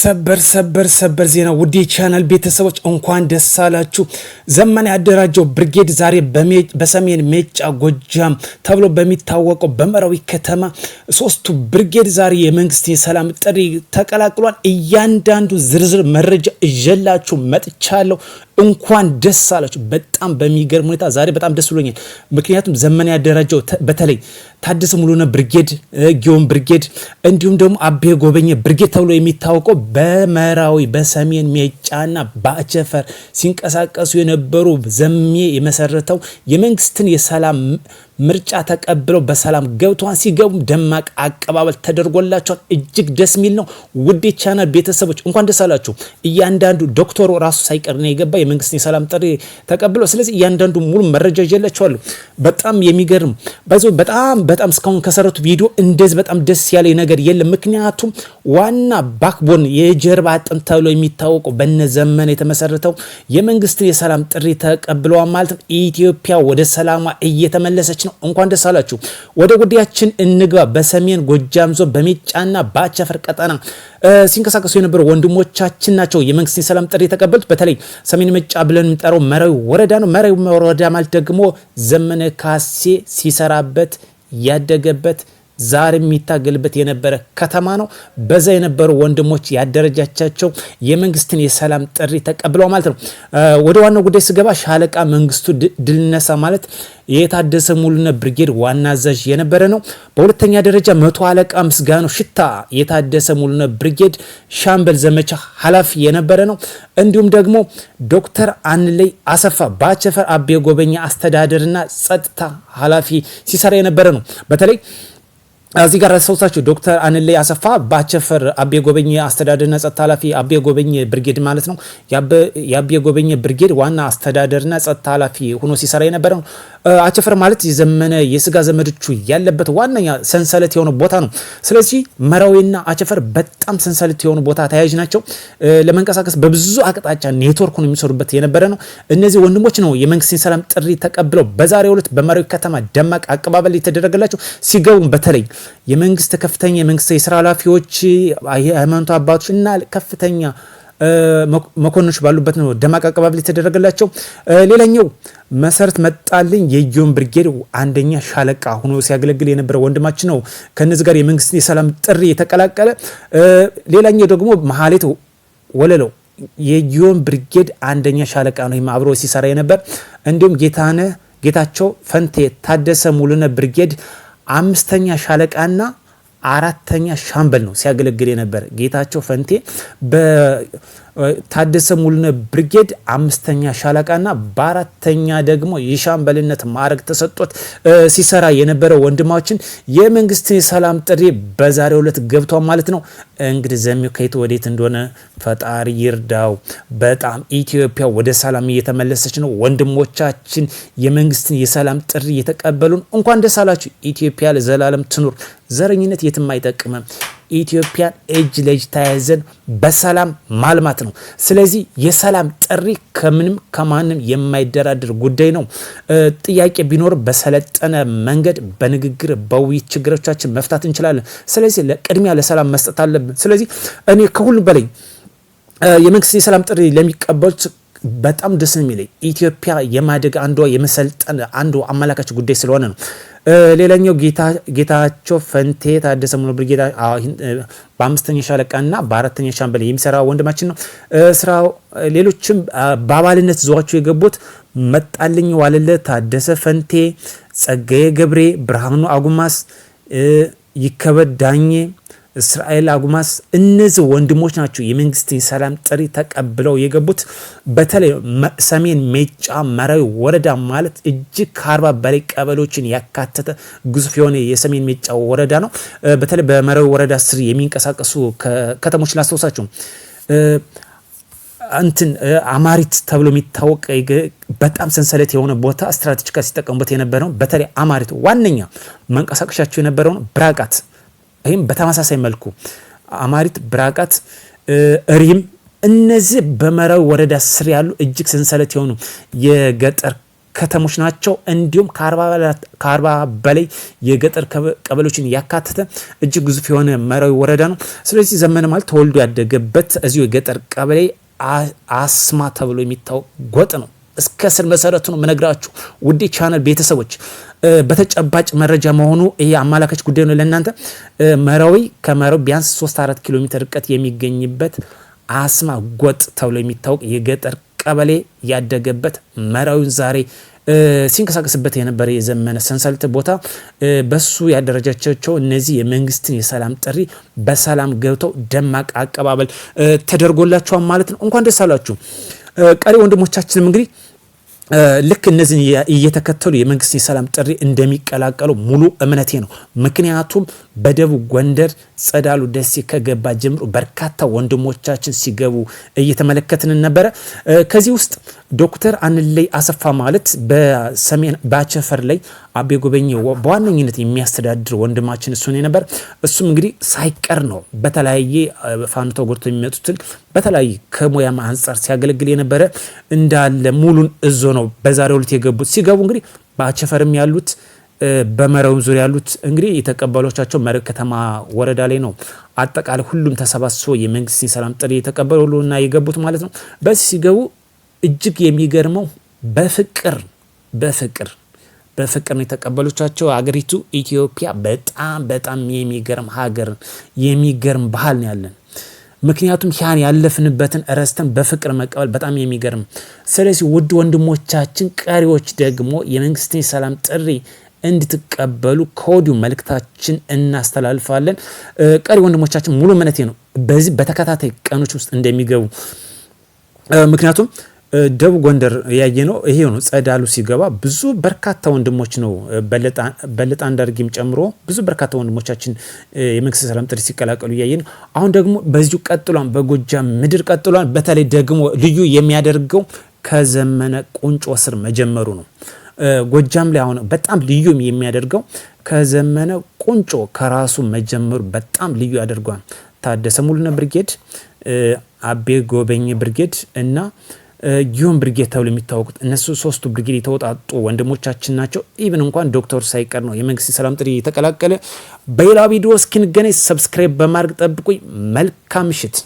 ሰበር ሰበር ሰበር ዜና ውዴ ቻናል ቤተሰቦች እንኳን ደስ አላችሁ። ዘመን ያደራጀው ብርጌድ ዛሬ በሰሜን ሜጫ ጎጃም ተብሎ በሚታወቀው በመራዊ ከተማ ሶስቱ ብርጌድ ዛሬ የመንግስት የሰላም ጥሪ ተቀላቅሏል። እያንዳንዱ ዝርዝር መረጃ እዤላችሁ መጥቻለሁ። እንኳን ደስ አላችሁ። በጣም በሚገርም ሁኔታ ዛሬ በጣም ደስ ብሎኛል። ምክንያቱም ዘመን ያደራጀው በተለይ ታደሰ ሙሉነ ብርጌድ፣ ጊዮን ብርጌድ እንዲሁም ደግሞ አቤ ጎበኘ ብርጌድ ተብሎ የሚታወቀው በምዕራዊ በሰሜን ሜጭ በአፍጫና በአቸፈር ሲንቀሳቀሱ የነበሩ ዘሜ የመሰረተው የመንግስትን የሰላም ምርጫ ተቀብለው በሰላም ገብተዋን ሲገቡ ደማቅ አቀባበል ተደርጎላቸዋል። እጅግ ደስ የሚል ነው። ውድ የቻናል ቤተሰቦች እንኳን ደስ አላችሁ። እያንዳንዱ ዶክተሩ ራሱ ሳይቀር ነው የገባ የመንግስት የሰላም ጥሪ ተቀብለው። ስለዚህ እያንዳንዱ ሙሉ መረጃ ይዤላችኋለሁ። በጣም የሚገርም በጣም በጣም እስካሁን ከሰረቱ ቪዲዮ እንደዚህ በጣም ደስ ያለ ነገር የለም። ምክንያቱም ዋና ባክቦን የጀርባ አጥንት ተብሎ የሚታወቀው በአብይነት ዘመን የተመሰረተው የመንግስትን የሰላም ጥሪ ተቀብለዋል ማለት ነው። ኢትዮጵያ ወደ ሰላሟ እየተመለሰች ነው። እንኳን ደስ አላችሁ። ወደ ጉዳያችን እንግባ። በሰሜን ጎጃም ዞን በሜጫና በአቸፈር ቀጠና ሲንቀሳቀሱ የነበሩ ወንድሞቻችን ናቸው የመንግስት የሰላም ጥሪ የተቀበሉት። በተለይ ሰሜን ሜጫ ብለን የምንጠራው መራዊ ወረዳ ነው። መራዊ ወረዳ ማለት ደግሞ ዘመነ ካሴ ሲሰራበት ያደገበት ዛሬ የሚታገልበት የነበረ ከተማ ነው። በዛ የነበሩ ወንድሞች ያደረጃቻቸው የመንግስትን የሰላም ጥሪ ተቀብለው ማለት ነው። ወደ ዋናው ጉዳይ ስገባ ሻለቃ መንግስቱ ድልነሳ ማለት የታደሰ ሙሉነ ብርጌድ ዋና አዛዥ የነበረ ነው። በሁለተኛ ደረጃ መቶ አለቃ ምስጋኑ ሽታ የታደሰ ሙሉነ ብርጌድ ሻምበል ዘመቻ ኃላፊ የነበረ ነው። እንዲሁም ደግሞ ዶክተር አንለይ አሰፋ በአቸፈር አቤ ጎበኛ አስተዳደርና ጸጥታ ኃላፊ ሲሰራ የነበረ ነው። በተለይ እዚህ ጋር ረሳውታችሁ ዶክተር አንሌ አሰፋ በአቸፈር አቤ ጎበኘ አስተዳደርና ጸጥታ ኃላፊ አቤ ጎበኘ ብርጌድ ማለት ነው። የአቤ ጎበኘ ብርጌድ ዋና አስተዳደርና ጸጥታ ኃላፊ ሆኖ ሲሰራ የነበረው አቸፈር ማለት የዘመነ የስጋ ዘመዶቹ ያለበት ዋነኛ ሰንሰለት የሆነ ቦታ ነው። ስለዚህ መራዊና አቸፈር በጣም ሰንሰለት የሆኑ ቦታ ተያያዥ ናቸው። ለመንቀሳቀስ በብዙ አቅጣጫ ኔትወርክ ነው የሚሰሩበት የነበረ ነው። እነዚህ ወንድሞች ነው የመንግስትን ሰላም ጥሪ ተቀብለው በዛሬው ዕለት በመራዊ ከተማ ደማቅ አቀባበል የተደረገላቸው። ሲገቡ በተለይ የመንግስት ከፍተኛ የመንግስት የስራ ኃላፊዎች፣ የሃይማኖት አባቶች እና ከፍተኛ መኮንኖች ባሉበት ነው ደማቅ አቀባበል የተደረገላቸው። ሌላኛው መሰረት መጣልኝ የጊዮን ብርጌድ አንደኛ ሻለቃ ሆኖ ሲያገለግል የነበረ ወንድማችን ነው ከነዚህ ጋር የመንግስት የሰላም ጥሪ የተቀላቀለ። ሌላኛው ደግሞ መሀሌት ወለለው የጊዮን ብርጌድ አንደኛ ሻለቃ ነው አብሮ ሲሰራ የነበር። እንዲሁም ጌታነ ጌታቸው ፈንቴ ታደሰ ሙሉነ ብርጌድ አምስተኛ ሻለቃና አራተኛ ሻምበል ነው ሲያገለግል የነበር። ጌታቸው ፈንቴ በታደሰ ሙልነ ብርጌድ አምስተኛ ሻለቃና በአራተኛ ደግሞ የሻምበልነት ማዕረግ ተሰጥቶት ሲሰራ የነበረ ወንድማችን የመንግስትን የሰላም ጥሪ በዛሬው ዕለት ገብቷ ማለት ነው። እንግዲህ ዘሚው ከየት ወዴት እንደሆነ ፈጣሪ ይርዳው። በጣም ኢትዮጵያ ወደ ሰላም እየተመለሰች ነው። ወንድሞቻችን የመንግስትን የሰላም ጥሪ እየተቀበሉን እንኳን ደስ አላችሁ። ኢትዮጵያ ለዘላለም ትኑር። ዘረኝነት የትም አይጠቅምም። ኢትዮጵያን እጅ ለእጅ ተያይዘን በሰላም ማልማት ነው። ስለዚህ የሰላም ጥሪ ከምንም ከማንም የማይደራደር ጉዳይ ነው። ጥያቄ ቢኖር በሰለጠነ መንገድ በንግግር በውይይት ችግሮቻችን መፍታት እንችላለን። ስለዚህ ቅድሚያ ለሰላም መስጠት አለብን። ስለዚህ እኔ ከሁሉም በላይ የመንግስት የሰላም ጥሪ ለሚቀበሉት በጣም ደስ የሚለኝ ኢትዮጵያ የማደግ አንዷ የመሰልጠን አንዱ አመላካች ጉዳይ ስለሆነ ነው። ሌላኛው ጌታቸው ፈንቴ ታደሰ ሙሉ ብርጌዳ በአምስተኛ ሻለቃና በአራተኛ ሻምበል የሚሰራ ወንድማችን ነው። ስራ ሌሎችም በአባልነት ዘዋቸው የገቡት መጣልኝ ዋለለ፣ ታደሰ ፈንቴ፣ ጸጋዬ ገብሬ፣ ብርሃኑ አጉማስ፣ ይከበድ ዳኜ እስራኤል አጉማስ እነዚህ ወንድሞች ናቸው የመንግስትን ሰላም ጥሪ ተቀብለው የገቡት። በተለይ ሰሜን ሜጫ መራዊ ወረዳ ማለት እጅግ ከአርባ በላይ ቀበሌዎችን ያካተተ ግዙፍ የሆነ የሰሜን ሜጫ ወረዳ ነው። በተለይ በመራዊ ወረዳ ስር የሚንቀሳቀሱ ከተሞች ላስታውሳችሁ እንትን አማሪት ተብሎ የሚታወቅ በጣም ሰንሰለት የሆነ ቦታ ስትራቴጂካ ሲጠቀሙበት የነበረው በተለይ አማሪት ዋነኛ መንቀሳቀሻቸው የነበረውን ብራቃት ይህም በተመሳሳይ መልኩ አማሪት፣ ብራቃት፣ እሪም እነዚህ በመራዊ ወረዳ ስር ያሉ እጅግ ሰንሰለት የሆኑ የገጠር ከተሞች ናቸው። እንዲሁም ከአርባ በላይ የገጠር ቀበሌዎችን ያካተተ እጅግ ግዙፍ የሆነ መራዊ ወረዳ ነው። ስለዚህ ዘመነ ማለት ተወልዶ ያደገበት እዚሁ የገጠር ቀበሌ አስማ ተብሎ የሚታወቅ ጎጥ ነው። እስከ ስር መሰረቱ ነው የምነግራችሁ ውዴ ቻነል ቤተሰቦች በተጨባጭ መረጃ መሆኑ ይሄ አመላካች ጉዳይ ነው። ለእናንተ መራዊ ከመራዊ ቢያንስ 3 4 ኪሎ ሜትር ርቀት የሚገኝበት አስማ ጎጥ ተብሎ የሚታወቅ የገጠር ቀበሌ ያደገበት መራዊን ዛሬ ሲንቀሳቀስበት የነበረ የዘመነ ሰንሰለት ቦታ በሱ ያደረጃቸው እነዚህ የመንግስትን የሰላም ጥሪ በሰላም ገብተው ደማቅ አቀባበል ተደርጎላቸዋል ማለት ነው። እንኳን ደስ አላችሁ። ቀሪ ወንድሞቻችንም እንግዲህ ልክ እነዚህን እየተከተሉ የመንግስት የሰላም ጥሪ እንደሚቀላቀሉ ሙሉ እምነቴ ነው። ምክንያቱም በደቡብ ጎንደር ጸዳሉ ደሴ ከገባ ጀምሮ በርካታ ወንድሞቻችን ሲገቡ እየተመለከትን ነበረ። ከዚህ ውስጥ ዶክተር አንለይ አሰፋ ማለት በሰሜን ባቸፈር ላይ አቤ ጎበኘው በዋነኝነት የሚያስተዳድር ወንድማችን እሱን ነበር። እሱም እንግዲህ ሳይቀር ነው በተለያየ ፋኖ ተጎድቶ የሚመጡትን በተለያየ ከሙያም አንጻር ሲያገለግል የነበረ እንዳለ ሙሉን እዞ ነው በዛሬው ዕለት የገቡት። ሲገቡ እንግዲህ ባቸፈርም ያሉት በመረውም ዙሪያ ያሉት እንግዲህ የተቀበሎቻቸው መረብ ከተማ ወረዳ ላይ ነው። አጠቃላይ ሁሉም ተሰባስቦ የመንግስትን ሰላም ጥሪ የተቀበሉና የገቡት ማለት ነው። በዚህ ሲገቡ እጅግ የሚገርመው በፍቅር በፍቅር በፍቅር ነው የተቀበሎቻቸው። ሀገሪቱ ኢትዮጵያ በጣም በጣም የሚገርም ሀገር የሚገርም ባህል ነው ያለን። ምክንያቱም ያን ያለፍንበትን እረስተን በፍቅር መቀበል በጣም የሚገርም። ስለዚህ ውድ ወንድሞቻችን፣ ቀሪዎች ደግሞ የመንግስትን ሰላም ጥሪ እንድትቀበሉ ከወዲሁ መልእክታችን እናስተላልፋለን። ቀሪ ወንድሞቻችን ሙሉ እምነቴ ነው በዚህ በተከታታይ ቀኖች ውስጥ እንደሚገቡ ምክንያቱም ደቡብ ጎንደር ያየ ነው ይሄ ነው። ጸዳሉ ሲገባ ብዙ በርካታ ወንድሞች ነው በለጣ አንዳርጌም ጨምሮ ብዙ በርካታ ወንድሞቻችን የመንግስት ሰላም ጥሪ ሲቀላቀሉ እያየ ነው። አሁን ደግሞ በዚሁ ቀጥሏን በጎጃም ምድር ቀጥሏን። በተለይ ደግሞ ልዩ የሚያደርገው ከዘመነ ቁንጮ ስር መጀመሩ ነው። ጎጃም ላይ አሁን በጣም ልዩ የሚያደርገው ከዘመነ ቁንጮ ከራሱ መጀመሩ በጣም ልዩ ያደርገዋል። ታደሰ ሙሉነ ብርጌድ፣ አቤ ጎበኝ ብርጌድ እና ጊዮን ብርጌድ ተብሎ የሚታወቁት እነሱ ሶስቱ ብርጌድ የተወጣጡ ወንድሞቻችን ናቸው። ኢቨን እንኳን ዶክተር ሳይቀር ነው የመንግስት ሰላም ጥሪ የተቀላቀለ። በሌላ ቪዲዮ እስክንገናኝ ሰብስክራይብ በማድረግ ጠብቁኝ። መልካም ምሽት።